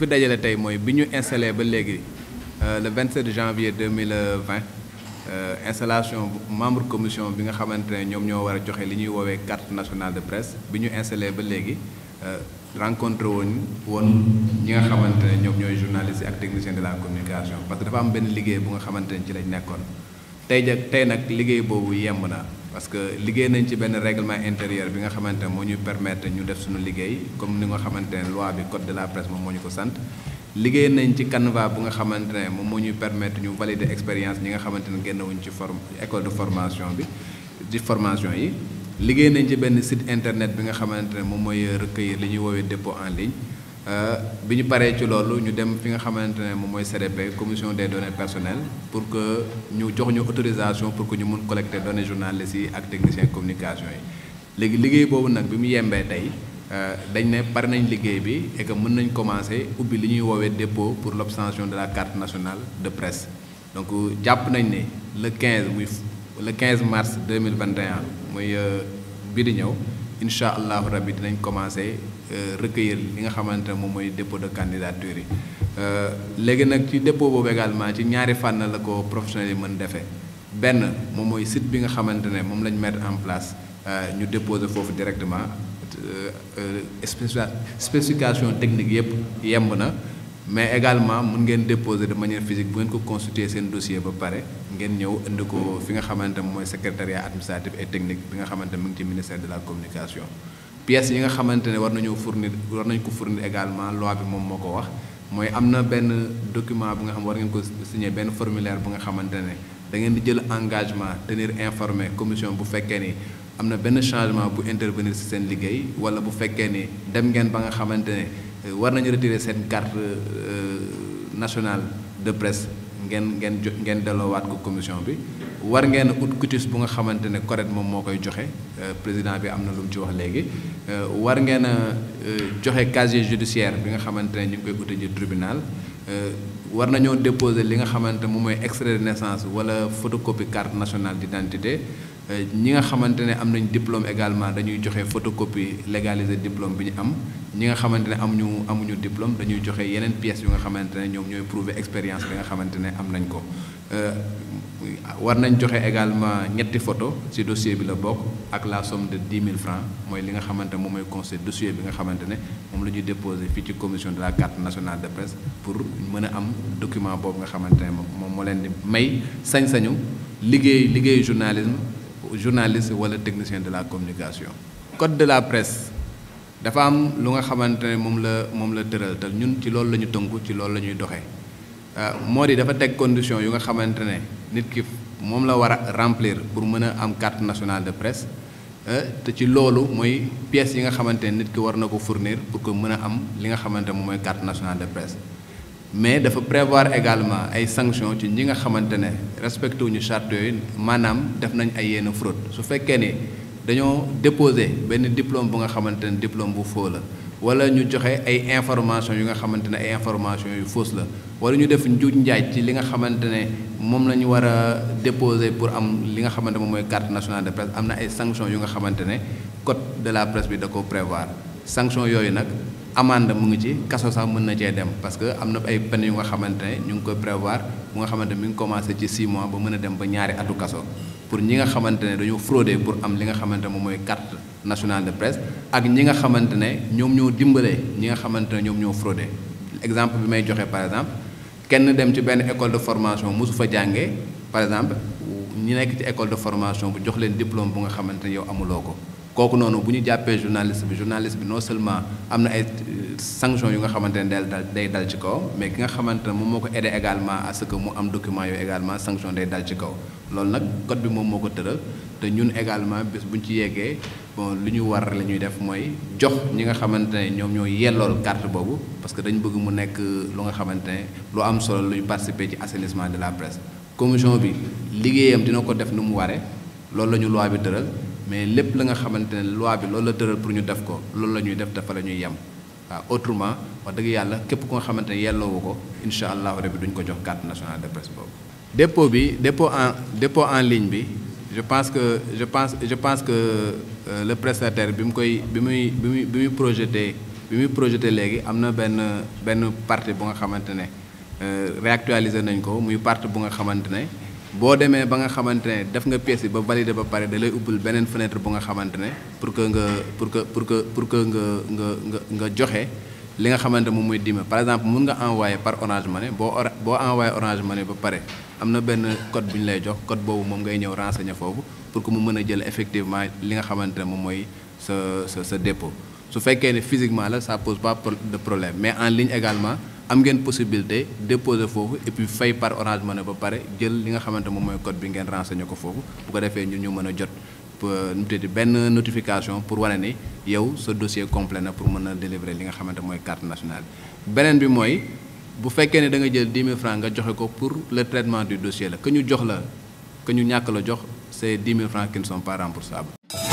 fi dajale tey mooy bi ñu installé ba léegi euh, le 27 janvier 2020 euh, installation membre commission bi nga xamante ne ñoom ñoo war a joxe li ñuy woowee carte nationale de presse bi ñu installé ba léegi euh, rencontré woon woon ñi nga xamante ne ñoom ñooy journalistes ak techniciens de la communication parce que dafa am benn liggéey bu nga xamante ne ci lañ nekkoon tey jag tey nag liggéey boobu yemb na. parce que liggéey nañ ci benn règlement intérieur bi nga xamante ne moo ñuy permettre ñu def suñu liggéey comme ni nga xamante ne loi bi code de la presse moom moo ñu ko sant liggéey nañ ci canevas bu nga xamante ne moom moo ñuy permettre ñu valider expérience ñi nga xamante ne génnewuñ ci forme école de formation bi ci formation yi liggéey nañ ci benn site internet bi nga xamante ne moom mooy yi li ñuy woowee dépôt en ligne Euh, bi ñu paree ci loolu ñu dem fi nga xamante ne moom mooy CDP commission des données personnelles pour que ñu jox ñu autorisation pour que ñu mun collecter données journalistes yi ak technicien communication yi liggéey boobu nag bi mu yembee tey euh, dañ ne pare nañ liggéey bi et que mën nañu commencer ubbi li ñuy woowee dépôt pour l'obtention de la carte nationale de presse donc jàpp nañ ne le 15 muy le 15 mars 2021 muy bii di ñëw. incha allahu rabbi dinañ commencé euh, recueillir li nga xamante ne moom mooy dépôt de candidature yi euh, léegi nag ci dépôt boobu également ci ñaari fànn la ko professionnels yi mën defee benn moom mooy site bi nga xamante ne moom lañ mettre en place euh, ñu déposer foofu directement spécification technique yëpp yemb na mais également mun ngeen déposé de manière physique bu ngeen ko constituer seen dossier ba pare ngeen ñëw indi ko fi nga xamante mooy secrétariat administratif et technique bi nga xamante mu ngi ci ministère de la communication pièces yi nga xamante ne war nañoo fournir war nañ ko fournir également loi bi moom moo ko wax mooy am na benn document bu nga xam war ngeen ko signer benn formulaire bu nga xamante ne da ngeen di jël engagement tenir informé commission bu fekkee ni am na benn changement bu intervenir si seen liggéey wala bu fekkee ni dem ngeen ba nga xamante ne Euh, war nañu retirer seen carte euh, nationale de presse ngeen ngeen jo ngeen delloowaat ko commission bi war ngeen ut cutis bu nga xamante ne correct moom moo koy joxe euh, président bi am na lu mu ci wax léegi war ngeen a joxe casier judiciaire bi nga xamante ne ñu ngi koy uti ji tribunal war nañoo déposer li nga xamante moom mooy extrait de naissance wala photocopie carte nationale d'identité ñi nga xamante ne am nañ diplôme également dañuy joxe photocopie légalisé diplôme bi ñu am ñi nga xamante ne amuñu amuñu diplôme dañuy joxe yeneen pièces yu nga xamante ne ñoom ñooy prouver expérience bi nga xamante ne am nañ ko euh, war nañ joxe également ñetti photo ci dossier bi la bokk ak la somme de dix mille francs mooy li nga xamante moom mooy conseil dossier bi nga xamante ne moom la ñuy déposé fii ci commission de la carte nationale de presse pour mën am document boobu nga xamante ne moom moo leen di may sañ-sañu liggéey liggéey journalisme journaliste wala technicien de la communication. code de la presse dafa am lu nga xamante ne moom la moom la tëral te ñun ci loolu la ñu tënku ci loolu lañuy ñuy doxee euh, moo di dafa teg condition yu nga xamante ne nit ki moom la war a remplier pour mën a am carte nationale de presse euh, te ci loolu mooy pièces yi nga xamante ne nit ki war na ko fournir pour que mën a am li nga xamante moom mooy carte nationale de presse. mais dafa prévoir également ay sanctions ci ñi nga xamante ne respecté wuñu charte yooyu maanaam def nañ ay yenn fraude su fekkee ni dañoo déposé benn diplôme bu nga xamante ne diplôme bu faux la wala ñu joxe ay information yu xamante ne ay yu fausse la wala ñu def njuuj njaaj ci li nga xamante ne moom la ñu war a déposé pour am li nga xamante moom mooy carte nationale de presse am na ay sanctions yu nga xamante ne code de la presse bi da ko prévoir sanction yooyu nag amande mu ngi ci kaso sax mën na cee dem parce que am na ay pen yu nga xamante ne ñu ngi koy prévoir mu nga xamante ne mi ngi commencé ci 6 mois ba mën a dem ba ñaari atu pour ñi nga xamante ne dañoo frauder pour am li nga xamante ne moom mooy carte nationale de presse ak ñi nga xamante ne ñoom ñoo dimbale ñi nga xamante ne ñoom ñoo frauder exemple bi may joxe par exemple kenn dem ci benn école de formation mosu fa jàngee par exemple ñu nekk ci école de formation bu jox leen diplôme bu nga xamante ne yow amuloo ko kooku noonu bu ñu jàppee journaliste bi journaliste bi non seulement am na ay euh, sanctions yu nga xamante ne day dal day dal ci kaw mais ki nga xamante ne moom moo ko aidé également à ce que mu am document yooyu également sanction day dal ci kaw loolu nag code bi moom moo ko tëral te ñun également bés bu ñu ci yeggee bon li ñu war la ñuy def mooy jox ñi nga xamante ne ñoom ñoo yellool carte boobu parce que dañu bëgg mu nekk lu nga xamante ne lu am solo lu ñu participer ci assainissement de la presse commission bi liggéeyam dina ko def nu mu waree loolu la ñu loi bi tëral mais lépp la nga xamante ne bi loolu la tëral pour ñu def ko loolu lañuy def dafa la ñuy yem waaw autrement wax dëgg yàlla képp ko nga xamante ne yelloowu ko incha allahu rabi duñ ko jox carte nationale de presse boobu. dépôt bi dépôt en dépôt en ligne bi je pense que je pense je pense que euh, le prestataire bi mu koy bi muy bi muy bi muy projeté bi muy projeté léegi am na benn benn partie bu nga xamante ne euh, réactualiser nañ ko muy partie bu nga xamante ne. boo demee ba nga xamante ne def nga pièce bi ba validé ba pare da lay ubbul beneen fenêtre bu nga xamante ne pour que nga pour que pour que pour que nga nga nga nga joxe li nga xamante moom mooy dima par exemple mun nga envoyé par Orange Money boo boo envoyé Orange Money ba pare am na benn code bu ñu lay jox code boobu moom ngay ñëw renseigner foofu pour que mu mën a jël effectivement li nga xamante ne moom mooy sa sa sa dépôt su fekkee ne physiquement la ça pose pas de problème mais en ligne également am ngeen possibilité déposer foofu et puis fay par Orange Money ba pare jël li nga xamante moom mooy code bi ngeen renseigné ko foofu bu ko defee ñun ñu mën a jot nu mu benn notification pour wane ni yow sa dossier complet na pour mën a délivrer li nga xamante mooy carte nationale bi beneen bi mooy bu fekkee ne da nga jël 10 000 francs nga joxe ko pour le traitement du dossier la que ñu jox la que ñu ñàkk la jox c'est 10 000 francs qui ne sont